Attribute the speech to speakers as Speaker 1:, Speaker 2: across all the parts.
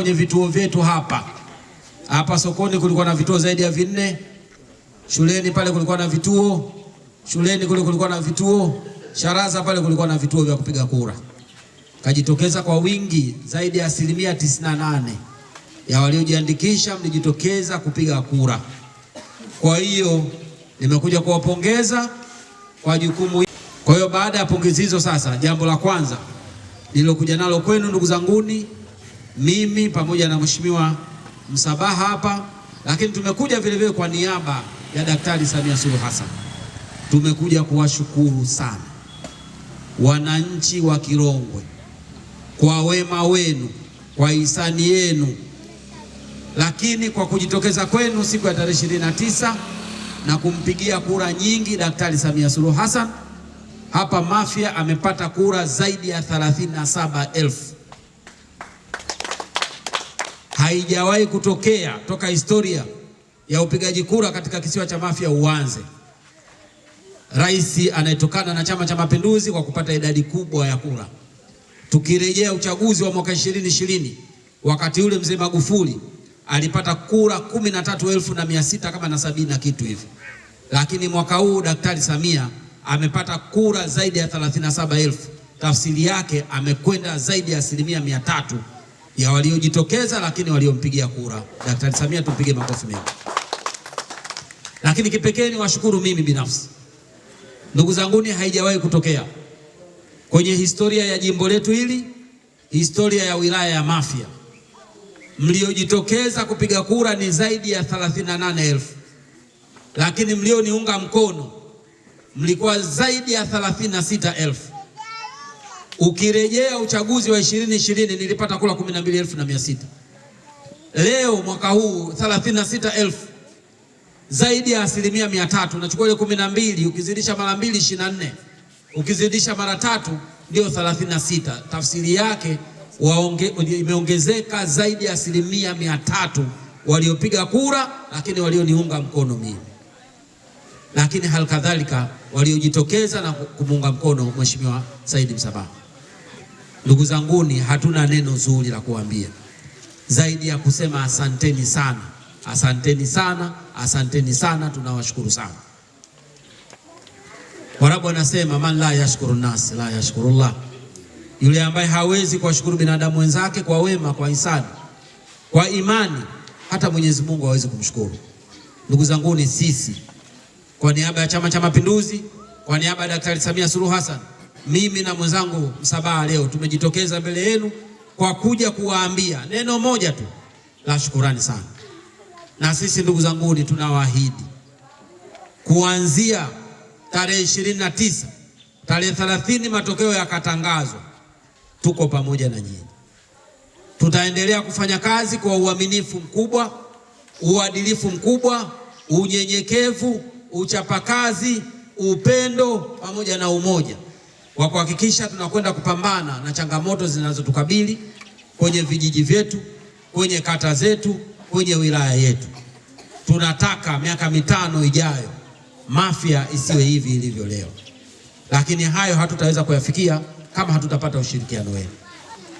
Speaker 1: kwenye vituo vyetu hapa hapa sokoni kulikuwa na vituo zaidi ya vinne, shuleni pale kulikuwa na vituo, shuleni kule kulikuwa na vituo, Sharaza pale kulikuwa na vituo vya kupiga kura. Kajitokeza kwa wingi zaidi ya asilimia 98 ya waliojiandikisha, mlijitokeza kupiga kura. Kwa hiyo nimekuja kuwapongeza kwa jukumu. Kwa hiyo baada ya pongezi hizo, sasa jambo la kwanza nililokuja nalo kwenu ndugu zanguni mimi pamoja na mheshimiwa Msabaha hapa, lakini tumekuja vile vile kwa niaba ya Daktari Samia Suluhu Hassan, tumekuja kuwashukuru sana wananchi wa Kirongwe kwa wema wenu, kwa hisani yenu, lakini kwa kujitokeza kwenu siku ya tarehe 29 na kumpigia kura nyingi Daktari Samia Suluhu Hassan. Hapa Mafia amepata kura zaidi ya 37,000 haijawahi kutokea toka historia ya upigaji kura katika kisiwa cha Mafia uanze, rais anayetokana na Chama cha Mapinduzi kwa kupata idadi kubwa ya kura. Tukirejea uchaguzi wa mwaka 2020 wakati ule mzee Magufuli alipata kura kumi na tatu elfu na mia sita kama na sabini na kitu hivi, lakini mwaka huu Daktari Samia amepata kura zaidi ya 37 elfu. Tafsiri yake amekwenda zaidi ya asilimia mia tatu ya waliojitokeza, lakini waliompigia kura Daktari Samia, tumpige makofi mengi. Lakini kipekee ni washukuru mimi binafsi, ndugu zanguni, haijawahi kutokea kwenye historia ya jimbo letu hili, historia ya wilaya ya Mafia, mliojitokeza kupiga kura ni zaidi ya 38,000 lakini mlioniunga mkono mlikuwa zaidi ya 36,000 Ukirejea uchaguzi wa 2020 nilipata kula 12600. Leo mwaka huu 36000 zaidi ya asilimia 300. Nachukua ile 12 ukizidisha mara mbili 24, ukizidisha mara tatu ndio 36. Tafsiri yake waonge, imeongezeka zaidi ya asilimia 300 waliopiga kura, lakini walioniunga mkono mimi, lakini halikadhalika waliojitokeza na kumuunga mkono Mheshimiwa Said Msabaha. Ndugu zanguni, hatuna neno zuri la kuambia zaidi ya kusema asanteni sana, asanteni sana, asanteni sana, tunawashukuru sana. Warabu wanasema man la yashkuru nas la yashkurullah, yule ambaye hawezi kuwashukuru binadamu wenzake kwa wema, kwa hisani, kwa imani, hata Mwenyezi Mungu hawezi kumshukuru. Ndugu zanguni, sisi kwa niaba ya Chama cha Mapinduzi, kwa niaba ya Daktari Samia Suluhu Hassan mimi na mwenzangu Msabaha leo tumejitokeza mbele yenu kwa kuja kuwaambia neno moja tu la shukurani sana. Na sisi ndugu zanguni, tunawaahidi kuanzia tarehe ishirini na tisa tarehe thelathini matokeo yakatangazwa, tuko pamoja na nyinyi. Tutaendelea kufanya kazi kwa uaminifu mkubwa, uadilifu mkubwa, unyenyekevu, uchapakazi, upendo pamoja na umoja wa kuhakikisha tunakwenda kupambana na changamoto zinazotukabili kwenye vijiji vyetu, kwenye kata zetu, kwenye wilaya yetu. Tunataka miaka mitano ijayo Mafia isiwe hivi ilivyo leo, lakini hayo hatutaweza kuyafikia kama hatutapata ushirikiano wenu.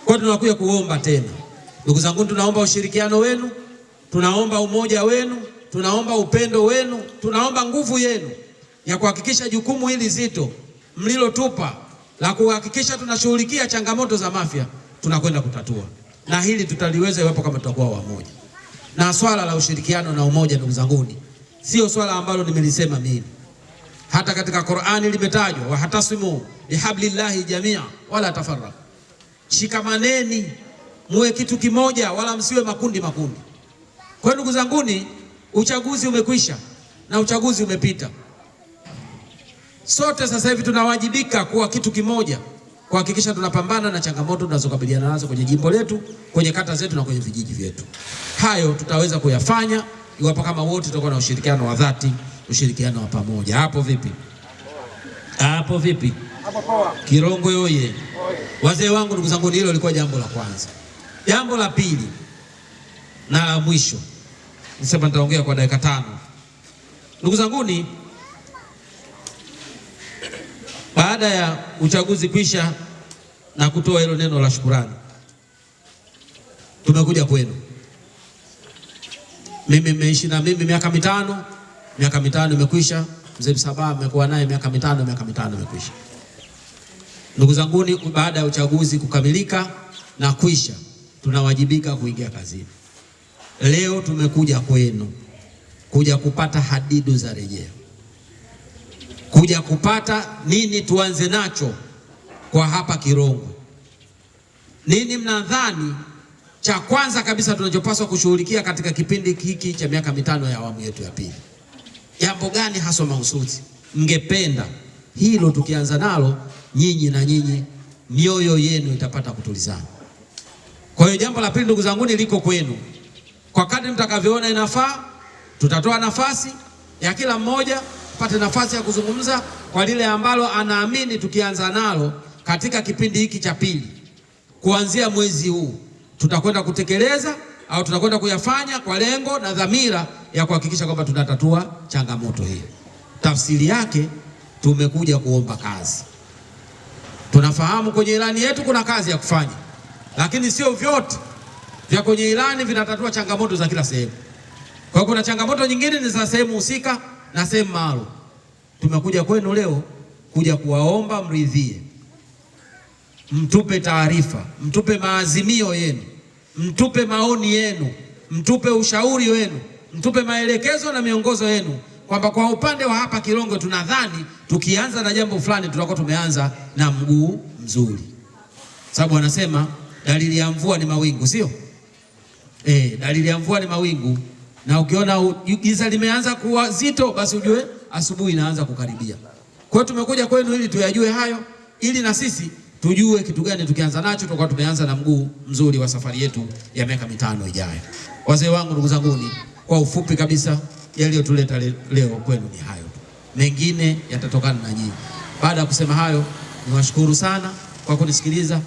Speaker 1: Kwa tunakuja kuomba tena, ndugu zangu, tunaomba ushirikiano wenu, tunaomba umoja wenu, tunaomba upendo wenu, tunaomba nguvu yenu ya kuhakikisha jukumu hili zito mlilotupa la kuhakikisha tunashughulikia changamoto za Mafia tunakwenda kutatua, na hili tutaliweza iwapo kama tutakuwa wamoja. Na swala la ushirikiano na umoja, ndugu zanguni, sio swala ambalo nimelisema mimi, hata katika Qur'ani limetajwa, wahtasimu bihablillahi jamia wala tafarraq, shikamaneni muwe kitu kimoja, wala msiwe makundi makundi. Kwa ndugu zanguni, uchaguzi umekwisha na uchaguzi umepita. Sote sasa hivi tunawajibika kuwa kitu kimoja kuhakikisha tunapambana na changamoto tunazokabiliana nazo kwenye jimbo letu, kwenye kata zetu na kwenye vijiji vyetu. Hayo tutaweza kuyafanya iwapo kama wote tutakuwa na ushirikiano wa dhati, ushirikiano wa pamoja. Hapo vipi? Hapo vipi? Kirongwe oye! Wazee wangu, ndugu zangu, hilo lilikuwa jambo la kwanza. Jambo la pili na la mwisho, nisema nitaongea kwa dakika tano, ndugu zanguni baada ya uchaguzi kuisha na kutoa hilo neno la shukurani, tumekuja kwenu. Mimi mmeishi na mimi miaka mitano, miaka mitano imekwisha. Mzee Msabaa mmekuwa naye miaka mitano, miaka mitano imekwisha. Ndugu zanguni, baada ya uchaguzi kukamilika na kuisha, tunawajibika kuingia kazini. Leo tumekuja kwenu kuja kupata hadidu za rejea kuja kupata nini tuanze nacho kwa hapa Kirongwe. Nini mnadhani cha kwanza kabisa tunachopaswa kushughulikia katika kipindi hiki cha miaka mitano ya awamu yetu ya pili? Jambo gani haswa mahususi mngependa hilo tukianza nalo nyinyi na nyinyi mioyo yenu itapata kutulizana. Kwa hiyo jambo la pili, ndugu zanguni, liko kwenu. Kwa kadri mtakavyoona inafaa, tutatoa nafasi ya kila mmoja apate nafasi ya kuzungumza kwa lile ambalo anaamini tukianza nalo katika kipindi hiki cha pili, kuanzia mwezi huu tutakwenda kutekeleza au tutakwenda kuyafanya kwa lengo na dhamira ya kuhakikisha kwamba tunatatua changamoto hii. Tafsiri yake tumekuja kuomba kazi. Tunafahamu kwenye ilani yetu kuna kazi ya kufanya, lakini sio vyote vya kwenye ilani vinatatua changamoto za kila sehemu. Kwa hiyo kuna changamoto nyingine ni za sehemu husika na sehemu maalum. Tumekuja kwenu leo kuja kuwaomba mridhie, mtupe taarifa, mtupe maazimio yenu, mtupe maoni yenu, mtupe ushauri wenu, mtupe maelekezo na miongozo yenu kwamba kwa upande wa hapa Kilonge tunadhani tukianza na jambo fulani tutakuwa tumeanza na mguu mzuri, sababu anasema dalili ya mvua ni mawingu, sio? Eh, dalili ya mvua ni mawingu na ukiona giza limeanza kuwa zito, basi ujue asubuhi inaanza kukaribia. Kwa hiyo tumekuja kwenu ili tuyajue hayo, ili na sisi tujue kitu gani tukianza nacho, tutakuwa tumeanza na mguu mzuri wa safari yetu ya miaka mitano ijayo. Wazee wangu, ndugu zanguni, kwa ufupi kabisa yaliyotuleta le, leo kwenu ni hayo, mengine yatatokana na nyinyi. Baada ya kusema hayo, niwashukuru sana kwa kunisikiliza.